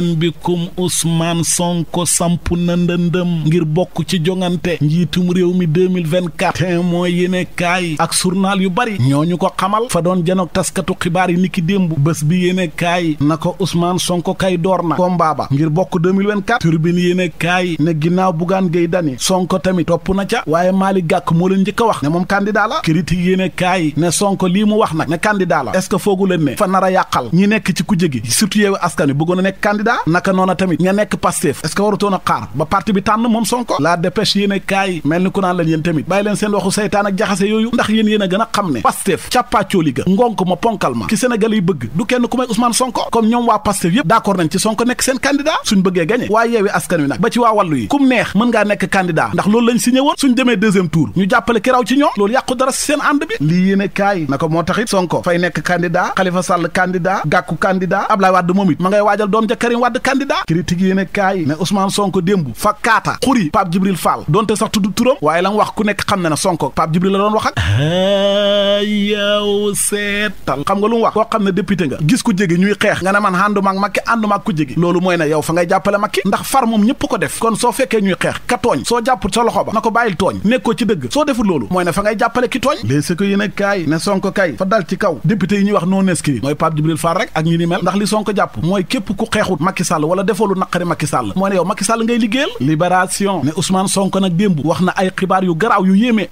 marhaam bikum Ousmane Sonko samp na ndëndëm ngir bokk ci jongante njiitum réew mi 2024 te mooy yéene kaay ak journal yu bari ñooñu ko xamal fa doon janook taskatu xibaar yi niki démb bés bi yéene kaay na ko Ousmane Sonko kay door na combat ba ngir bokk 2024 turbine yéene kaay ne ginnaaw Bougane Gueye Dany Sonko tamit topp na ca waaye Malick Gakou moo leen njëkk a wax ne moom candidat la critique yéene kaay ne Sonko lii mu wax na ne candidat la est-ce que foogu leen ne fa nar a yàqal ñi nekk ci kujje gi surtout yeewu askan wi bëggoon a candidat naka noona tamit ña nekk Pastef est xaar ba parti bi tànn moom Sonko la dépêche yéen kaay mel ni ku naan leen yéen tamit bàyyi leen seen waxu saytaan jaxase yooyu ndax yéen yéen gën a xam ne Pastef càppaacóoli ga ngonk ma ponkal ma ki Sénégal yi bëgg du kenn ku may Sonko comme ñoom waa Pastef yëpp d'accord nañ ci Sonko nekk seen candidat suñ bëggee gañe waa yeewi askan wi nag ba ci waa wàllu yi kum neex mën ngaa nekk candidat Karim Wade candidat critique yi ne kaay ne Ousmane Sonko démb fa kaata xuri Pape Djibril Fall donte sax tudd turam waaye la wax ku nekk xam na ne Sonko Pape Djibril la doon wax ak yow seetal xam nga lu mu wax koo xam ne député nga gis ku jégi ñuy xeex nga ne man ànduma ak Macky ànduma ak ku jégi loolu mooy ne yow fa ngay jàppale Macky ndax far moom ñëpp ko def kon soo fekkee ñuy xeex ka tooñ soo jàpp sa loxo ba na ko bàyyil tooñ nekkoo ci dëgg soo deful loolu moo ne fa jàppale ki tooñ léeg si ko yéen wax non inscrit mooy Pape Djibril Fall li Sonko jàpp mooy képp ku xeexut Macky Sall wala defoo lu naqari Macky Sall moo ne yow Macky Sall ngay liggéeyal libération ne Ousmane Sonko nag démb wax na ay xibaar yu garaaw yu yéeme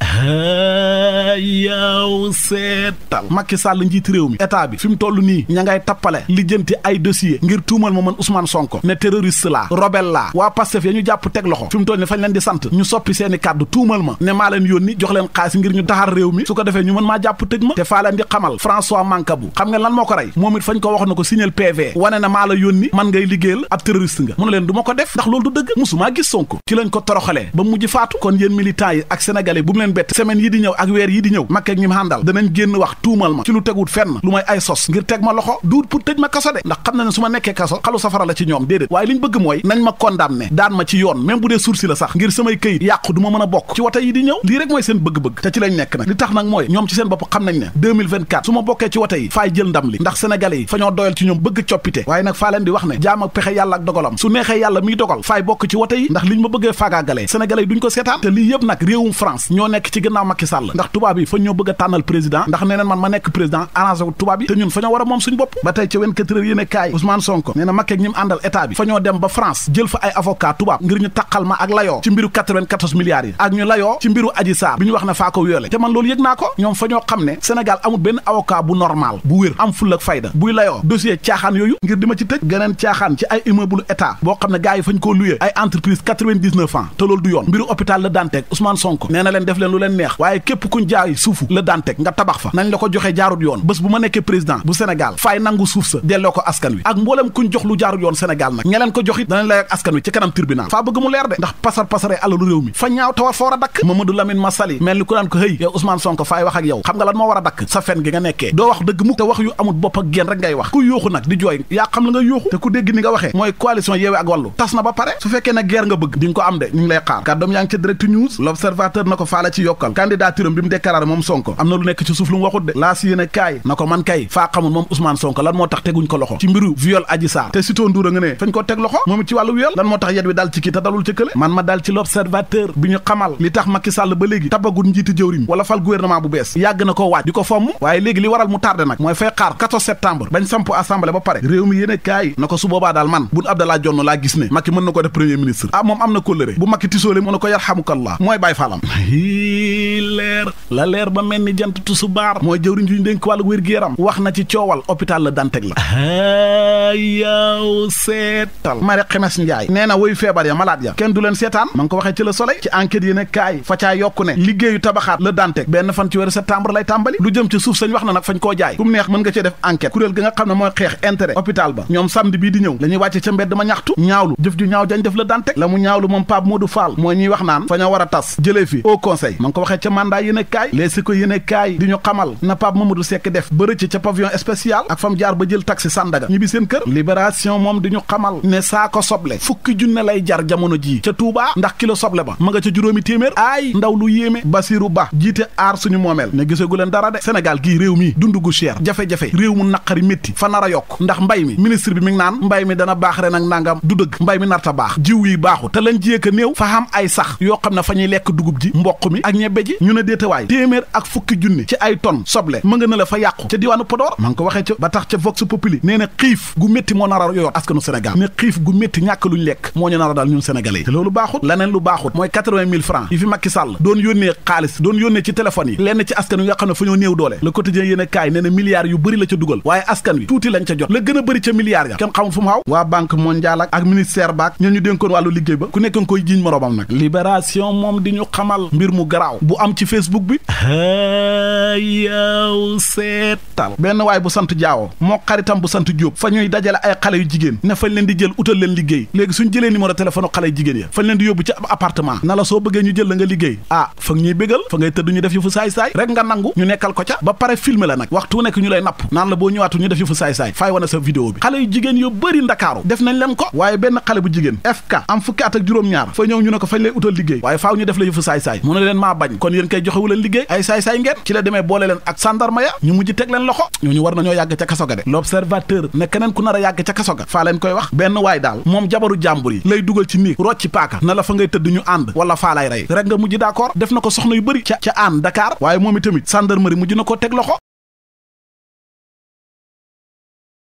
yow seetal Macky njiiti réew mi état bi fi mu toll nii ña ngay tappale lijjanti ay dossier ngir tuumal ma man Ousmane Sonko ne terroriste la rebelle la waa Pastef ya ñu jàpp teg loxo fi mu toll nii fañ leen di sant ñu soppi seeni kàddu tuumal ma ne maa leen yónni jox leen xaalis ngir ñu taxar réew mi su ko defee ñu mën ma te faa leen di xamal nga lan moo ko rey moom it fañ ko ko signal PV la yónni man nga ngay ab terroriste nga mu ne ko def ndax loolu du dëgg musumaa gis Sonko ci lañ ko toroxalee ba mujj faatu kon yéen militants yi ak sénégalais bu mu leen bett semaine yi di ñëw ak weer yi di ñëw makkeek ñi mu àndal danañ génn wax tuumal ma ci lu tegut fenn lu may ay sos ngir teg ma loxo duut pour tëj ma kaso de ndax xam na su ma nekkee kaso xalu safara la ci ñoom déedéet waaye li bëgg mooy nañ ma condamné daan ma ci yoon même bu dee sursi la jaam ak pexe yàlla ak dogalam su neexee yàlla miy dogal faay bokk ci wote yi ndax liñ ma bëggee faagaagalee sénégalais yi duñ ko seetaan te lii yëpp nag réewum France ñoo nekk ci gannaaw Macky Sall ndax tubaab yi fa ñoo bëgg a tànnal président ndax neneen man ma nekk président arrangé tubaab yi te ñun fa ñoo war a moom suñ bopp ba tey ca 24 heures yéene kaay Ousmane Sonko nee na Macky ak àndal état bi fa ñoo dem ba France jël fa ay avocat tubaab ma caaxaan ci ay immeuble état boo xam ne gars yi fañ koo luye ay entreprise quatre-vingt-dix-neuf ans du yoon mbiru hôpital la Dantec Ousmane Sonko nee na leen def leen lu leen neex waaye képp kuñ nga la ko ma nekkee président bu sa delloo ko askan wi ak mboolem kuñ jox lu jaarut yoon Sénégal nag ak askan wi ci kanam ku naan ko hëy yow Ousmane xam nga lan moo war a dakk sa fen gi nga nekkee doo wax dëgg mukk te wax yu amul bopp ak génn rek ngay wax ku yooxu nag di jooy yaa xam nga yooxu te ku dégg dëgg ni nga waxee mooy coalition yeewe ak wàllu tas na ba pare su fekkee ne guerre nga bëgg di ko am de ñu lay xaar kàddoom yaa ci direct news l'observateur na ko faala ci yokkal candidature am bi mu déclaré moom Sonko am na lu nekk ci suuf waxut de laas yéen a kaay na ko man kay faa xamul moom Ousmane Sonko lan moo tax teguñ ko loxo ci mbiru viol Adji Sarr te Sitor Ndour nga ne fañ ko teg loxo moom it ci wàllu viol lan moo tax yet wi dal ci kii boobaa daal man bun Abdallah Jonn laa gis ne Macky mën na ko def premier ministre ah moom am na kóllëre bu Macky tisóole mu ne ko yarhamukallah mooy bàyyi faalam leer la leer ba mel ni jant tusubaar mooy jëwriñ ju ñu dénk wàllu wér-gu-yaram wax na ci coowal hôpital la Dantec la yaaw seetal xemes njaay nee na woyu feebar ya malaat ya kenn du leen seetaan ma ko waxee ci le soleil ci enquête yi ne kaay fa caa yokku ne liggéeyu tabaxaat la dantek benn fan ci weeru septembre lay tàmbali lu jëm ci suuf sañ wax na nag fañ koo jaay ku mu neex mën nga cee def enquête kuréel ga nga xam ne mooy xeex intérêt hôpital ba ñoom samedi bii di ñëw la wàcce ca mbedd ma ñaxtu ñaawlu jëf ju ñaaw jañ def la dantek la mu ñaawlu a tas ma ngi ko waxee ca mandat na Pape Mamadou Seck def ba jël taxi Sandaga kër libération moom di ñu xamal ne saako soble fukki junne lay jar jamono jii ca Touba ndax kilo soble ba ma nga ca juróomi téeméer aay ndaw lu yéeme Basiru Ba jiite aar suñu moomeel ne gisagu leen dara de Sénégal gii réew mi dund gu cher jafe-jafe réew mu naqari métti fa nara yokk ndax mbay mi ministre bi mi ngi naan mbay mi dana baax ren ak nangam du dëgg mbay mi narta baax jiw yi baaxu te leen jiyee ka néew fa xam ay sax yoo xam ne fa ñuy lekk dugub ji mboq mi ak ñebbe ji ñu ne déetawaay téeméer ak fukki junne ci ay tonn soble ma nga na la fa yàqu ca diwaanu Podor ma ngi ko waxee ba tax ca Vox Populi nee métti moo nar a yor askanu Sénégal ne xiif gu métti ñàkk luñ lekk moo ñu nar a daal ñun sénégalais yi te loolu baaxut laneen lu baaxut mooy quatre-vingt mille francs yi fi Macky Sall doon yónnee xaalis doon yónnee ci téléphone yi lenn ci askan wi nga xam ne fu ñoo néew doole le quotidien yéen a kaay nee na yu bëri la ca dugal waaye askan wi tuuti lañ ca jot la gën a bëri ca milliards ya kenn xamul fu mu xaw waa banque mondiale ak ministère baak ñoo ñu dénkoon hôpital benn waay bu sant jaawoo moo xaritam bu sant Jóob fa ñuy dajale ay xale yu jigéen ne fañ leen di jël utal leen liggéey léegi suñ jëlee numéro téléphone xale yu jigéen ya fañ leen di yóbbu ci ab na la soo bëggee ñu jël la nga liggéey ah fa ñuy bégal fa ngay tëdd ñu def yu fu saay-saay rek nga nangu ñu nekkal ko ca ba pare filmer la nag waxtu nekk ñu lay napp naan la boo ñëwaatu ñu def yu fu saay-saay fay wane sa vidéo bi xale yu jigéen loxo ñooñu war nañoo yàgg ca kaso ga de l'observateur ne keneen ku nar a yàgg ca kaso ga faa koy wax benn waay daal moom jabaru jàmbur yi lay dugal ci néeg rocci paaka na la fa ngay tëdd ñu ànd wala faa rey rek nga mujj d'accord def na ko soxna yu bëri ca ca aan Dakar waaye moom itamit gendarmerie mujj na ko teg loxo